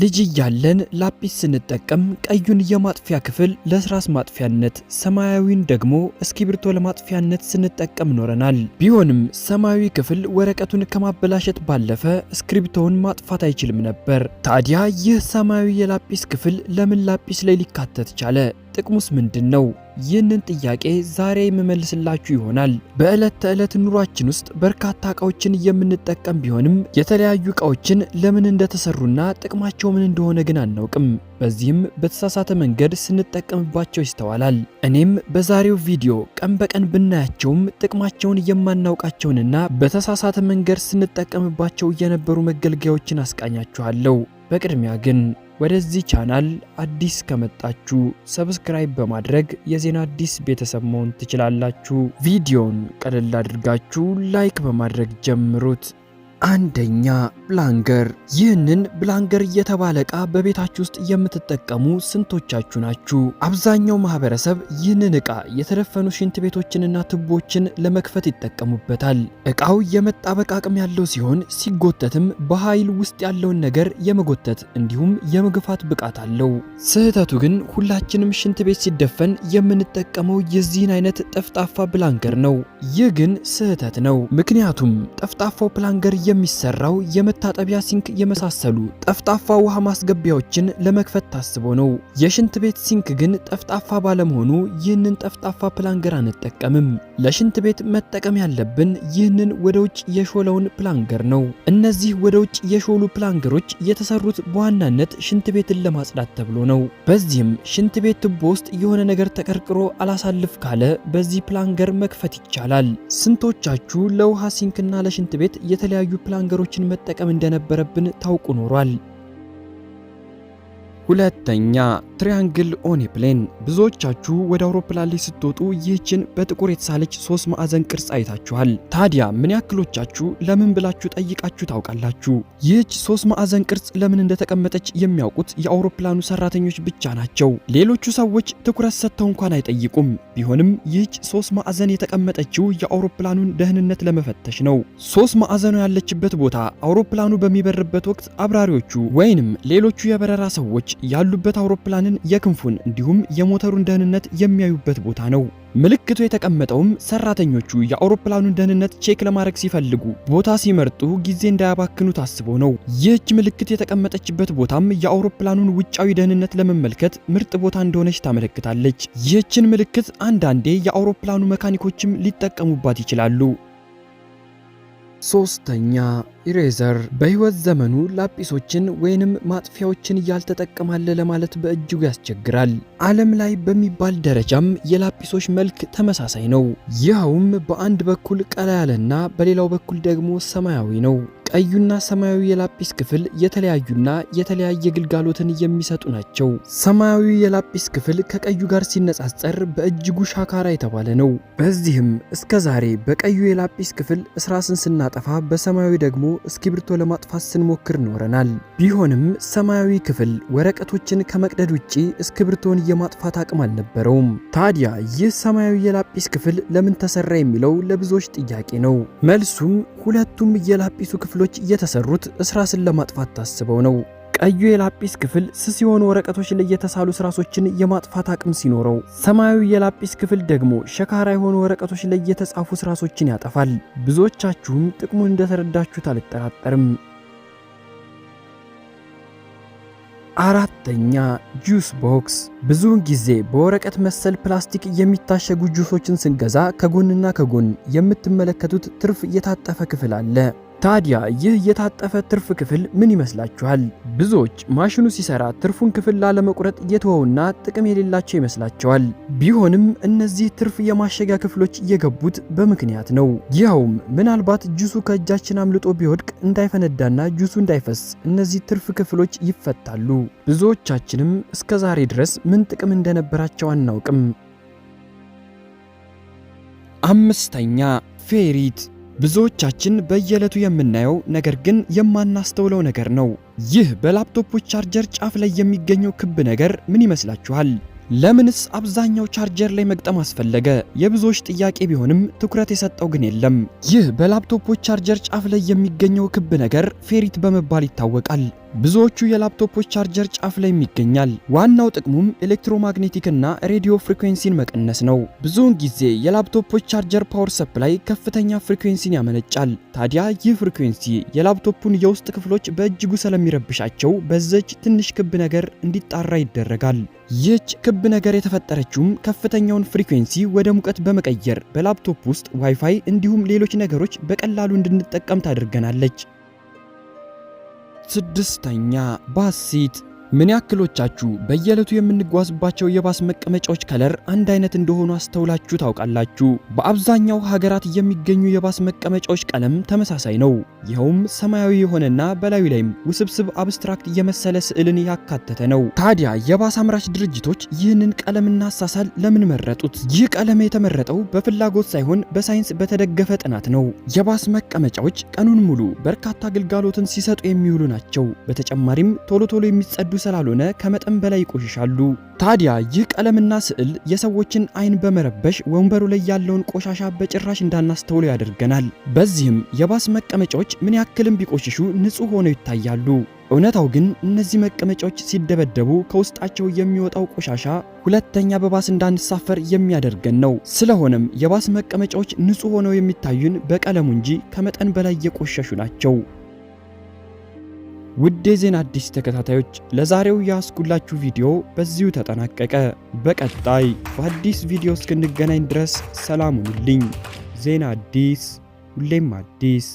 ልጅ እያለን ላጲስ ስንጠቀም ቀዩን የማጥፊያ ክፍል ለስራስ ማጥፊያነት፣ ሰማያዊን ደግሞ እስክሪብቶ ለማጥፊያነት ስንጠቀም ኖረናል። ቢሆንም ሰማያዊ ክፍል ወረቀቱን ከማበላሸት ባለፈ እስክሪብቶውን ማጥፋት አይችልም ነበር። ታዲያ ይህ ሰማያዊ የላጲስ ክፍል ለምን ላጲስ ላይ ሊካተት ቻለ? ጥቅሙስ ምንድን ነው? ይህንን ጥያቄ ዛሬ የምመልስላችሁ ይሆናል። በዕለት ተዕለት ኑሯችን ውስጥ በርካታ እቃዎችን የምንጠቀም ቢሆንም የተለያዩ እቃዎችን ለምን እንደተሰሩና ጥቅማቸው ምን እንደሆነ ግን አናውቅም። በዚህም በተሳሳተ መንገድ ስንጠቀምባቸው ይስተዋላል። እኔም በዛሬው ቪዲዮ ቀን በቀን ብናያቸውም ጥቅማቸውን የማናውቃቸውንና በተሳሳተ መንገድ ስንጠቀምባቸው የነበሩ መገልገያዎችን አስቃኛችኋለሁ። በቅድሚያ ግን ወደዚህ ቻናል አዲስ ከመጣችሁ ሰብስክራይብ በማድረግ የዜና አዲስ ቤተሰብ መሆን ትችላላችሁ። ቪዲዮን ቀለል አድርጋችሁ ላይክ በማድረግ ጀምሩት። አንደኛ ብላንገር። ይህንን ብላንገር እየተባለ እቃ በቤታችሁ ውስጥ የምትጠቀሙ ስንቶቻችሁ ናችሁ? አብዛኛው ማህበረሰብ ይህንን እቃ የተደፈኑ ሽንት ቤቶችንና ቱቦችን ለመክፈት ይጠቀሙበታል። እቃው የመጣበቅ አቅም ያለው ሲሆን ሲጎተትም በኃይል ውስጥ ያለውን ነገር የመጎተት እንዲሁም የመግፋት ብቃት አለው። ስህተቱ ግን ሁላችንም ሽንት ቤት ሲደፈን የምንጠቀመው የዚህን አይነት ጠፍጣፋ ብላንገር ነው። ይህ ግን ስህተት ነው። ምክንያቱም ጠፍጣፋው ብላንገር የሚሰራው የመታጠቢያ ሲንክ የመሳሰሉ ጠፍጣፋ ውሃ ማስገቢያዎችን ለመክፈት ታስቦ ነው። የሽንት ቤት ሲንክ ግን ጠፍጣፋ ባለመሆኑ ይህንን ጠፍጣፋ ፕላንገር አንጠቀምም። ለሽንት ቤት መጠቀም ያለብን ይህንን ወደ ውጭ የሾለውን ፕላንገር ነው። እነዚህ ወደ ውጭ የሾሉ ፕላንገሮች የተሰሩት በዋናነት ሽንት ቤትን ለማጽዳት ተብሎ ነው። በዚህም ሽንት ቤት ቱቦ ውስጥ የሆነ ነገር ተቀርቅሮ አላሳልፍ ካለ በዚህ ፕላንገር መክፈት ይቻላል። ስንቶቻችሁ ለውሃ ሲንክና ለሽንት ቤት የተለያዩ ፕላንገሮችን መጠቀም እንደነበረብን ታውቁ ኖሯል። ሁለተኛ ትሪያንግል ኦኒፕሌን ብዙዎቻችሁ ወደ አውሮፕላን ላይ ስትወጡ ይህችን በጥቁር የተሳለች ሶስት ማዕዘን ቅርጽ አይታችኋል። ታዲያ ምን ያክሎቻችሁ ለምን ብላችሁ ጠይቃችሁ ታውቃላችሁ? ይህች ሶስት ማዕዘን ቅርጽ ለምን እንደተቀመጠች የሚያውቁት የአውሮፕላኑ ሰራተኞች ብቻ ናቸው። ሌሎቹ ሰዎች ትኩረት ሰጥተው እንኳን አይጠይቁም። ቢሆንም ይህች ሶስት ማዕዘን የተቀመጠችው የአውሮፕላኑን ደህንነት ለመፈተሽ ነው። ሶስት ማዕዘኑ ያለችበት ቦታ አውሮፕላኑ በሚበርበት ወቅት አብራሪዎቹ ወይንም ሌሎቹ የበረራ ሰዎች ያሉበት አውሮፕላንን የክንፉን እንዲሁም የሞተሩን ደህንነት የሚያዩበት ቦታ ነው። ምልክቱ የተቀመጠውም ሰራተኞቹ የአውሮፕላኑን ደህንነት ቼክ ለማድረግ ሲፈልጉ ቦታ ሲመርጡ ጊዜ እንዳያባክኑ ታስቦ ነው። ይህች ምልክት የተቀመጠችበት ቦታም የአውሮፕላኑን ውጫዊ ደህንነት ለመመልከት ምርጥ ቦታ እንደሆነች ታመለክታለች። ይህችን ምልክት አንዳንዴ የአውሮፕላኑ መካኒኮችም ሊጠቀሙባት ይችላሉ። ሶስተኛ ኢሬዘር በህይወት ዘመኑ ላጲሶችን ወይንም ማጥፊያዎችን ያልተጠቀማለ ለማለት በእጅጉ ያስቸግራል። ዓለም ላይ በሚባል ደረጃም የላጲሶች መልክ ተመሳሳይ ነው። ይኸውም በአንድ በኩል ቀላ ያለና በሌላው በኩል ደግሞ ሰማያዊ ነው። ቀዩና ሰማያዊ የላጲስ ክፍል የተለያዩና የተለያየ ግልጋሎትን የሚሰጡ ናቸው። ሰማያዊ የላጲስ ክፍል ከቀዩ ጋር ሲነጻጸር በእጅጉ ሻካራ የተባለ ነው። በዚህም እስከ ዛሬ በቀዩ የላጲስ ክፍል እስራስን ስናጠፋ፣ በሰማያዊ ደግሞ እስክሪብቶ ለማጥፋት ስንሞክር ኖረናል። ቢሆንም ሰማያዊ ክፍል ወረቀቶችን ከመቅደድ ውጪ እስክሪብቶን የማጥፋት አቅም አልነበረውም። ታዲያ ይህ ሰማያዊ የላጲስ ክፍል ለምን ተሰራ የሚለው ለብዙዎች ጥያቄ ነው። መልሱም ሁለቱም የላጲሱ ክፍል ክፍሎች የተሰሩት እስራስን ለማጥፋት ታስበው ነው። ቀዩ የላጲስ ክፍል ስስ የሆኑ ወረቀቶች ላይ የተሳሉ ስራሶችን የማጥፋት አቅም ሲኖረው፣ ሰማያዊ የላጲስ ክፍል ደግሞ ሸካራ የሆኑ ወረቀቶች ላይ የተጻፉ ስራሶችን ያጠፋል። ብዙዎቻችሁም ጥቅሙን እንደተረዳችሁት አልጠራጠርም። አራተኛ ጁስ ቦክስ። ብዙውን ጊዜ በወረቀት መሰል ፕላስቲክ የሚታሸጉ ጁሶችን ስንገዛ ከጎንና ከጎን የምትመለከቱት ትርፍ የታጠፈ ክፍል አለ። ታዲያ ይህ የታጠፈ ትርፍ ክፍል ምን ይመስላችኋል? ብዙዎች ማሽኑ ሲሰራ ትርፉን ክፍል ላለመቁረጥ የተወውና ጥቅም የሌላቸው ይመስላቸዋል። ቢሆንም እነዚህ ትርፍ የማሸጊያ ክፍሎች የገቡት በምክንያት ነው። ይኸውም ምናልባት ጁሱ ከእጃችን አምልጦ ቢወድቅ እንዳይፈነዳና ጁሱ እንዳይፈስ እነዚህ ትርፍ ክፍሎች ይፈታሉ። ብዙዎቻችንም እስከ ዛሬ ድረስ ምን ጥቅም እንደነበራቸው አናውቅም። አምስተኛ ፌሪት ብዙዎቻችን በየዕለቱ የምናየው ነገር ግን የማናስተውለው ነገር ነው። ይህ በላፕቶፖች ቻርጀር ጫፍ ላይ የሚገኘው ክብ ነገር ምን ይመስላችኋል? ለምንስ አብዛኛው ቻርጀር ላይ መግጠም አስፈለገ? የብዙዎች ጥያቄ ቢሆንም ትኩረት የሰጠው ግን የለም። ይህ በላፕቶፖች ቻርጀር ጫፍ ላይ የሚገኘው ክብ ነገር ፌሪት በመባል ይታወቃል። ብዙዎቹ የላፕቶፖች ቻርጀር ጫፍ ላይ ይገኛል። ዋናው ጥቅሙም ኤሌክትሮማግኔቲክና ሬዲዮ ፍሪኩዌንሲን መቀነስ ነው። ብዙውን ጊዜ የላፕቶፖች ቻርጀር ፓወር ሰፕላይ ከፍተኛ ፍሪኩዌንሲን ያመነጫል። ታዲያ ይህ ፍሪኩዌንሲ የላፕቶፑን የውስጥ ክፍሎች በእጅጉ ስለሚረብሻቸው በዘች ትንሽ ክብ ነገር እንዲጣራ ይደረጋል። ይህች ክብ ነገር የተፈጠረችውም ከፍተኛውን ፍሪኩዌንሲ ወደ ሙቀት በመቀየር በላፕቶፕ ውስጥ ዋይፋይ እንዲሁም ሌሎች ነገሮች በቀላሉ እንድንጠቀም ታደርገናለች። ስድስተኛ ባሲት ምን ያክሎቻችሁ በየዕለቱ የምንጓዝባቸው የባስ መቀመጫዎች ከለር አንድ አይነት እንደሆኑ አስተውላችሁ ታውቃላችሁ? በአብዛኛው ሀገራት የሚገኙ የባስ መቀመጫዎች ቀለም ተመሳሳይ ነው። ይኸውም ሰማያዊ የሆነና በላዩ ላይም ውስብስብ አብስትራክት የመሰለ ስዕልን ያካተተ ነው። ታዲያ የባስ አምራች ድርጅቶች ይህንን ቀለምና አሳሳል ለምን መረጡት? ይህ ቀለም የተመረጠው በፍላጎት ሳይሆን በሳይንስ በተደገፈ ጥናት ነው። የባስ መቀመጫዎች ቀኑን ሙሉ በርካታ አገልጋሎትን ሲሰጡ የሚውሉ ናቸው። በተጨማሪም ቶሎ ቶሎ የሚጸዱ ስላልሆነ ከመጠን በላይ ይቆሽሻሉ። ታዲያ ይህ ቀለምና ስዕል የሰዎችን አይን በመረበሽ ወንበሩ ላይ ያለውን ቆሻሻ በጭራሽ እንዳናስተውሎ ያደርገናል። በዚህም የባስ መቀመጫዎች ምን ያክልም ቢቆሽሹ ንጹህ ሆነው ይታያሉ። እውነታው ግን እነዚህ መቀመጫዎች ሲደበደቡ ከውስጣቸው የሚወጣው ቆሻሻ ሁለተኛ በባስ እንዳንሳፈር የሚያደርገን ነው። ስለሆነም የባስ መቀመጫዎች ንጹህ ሆነው የሚታዩን በቀለሙ እንጂ ከመጠን በላይ የቆሸሹ ናቸው። ውድ የዜና አዲስ ተከታታዮች ለዛሬው ያስኩላችሁ ቪዲዮ በዚሁ ተጠናቀቀ። በቀጣይ በአዲስ ቪዲዮ እስክንገናኝ ድረስ ሰላም ሁኑልኝ። ዜና አዲስ ሁሌም አዲስ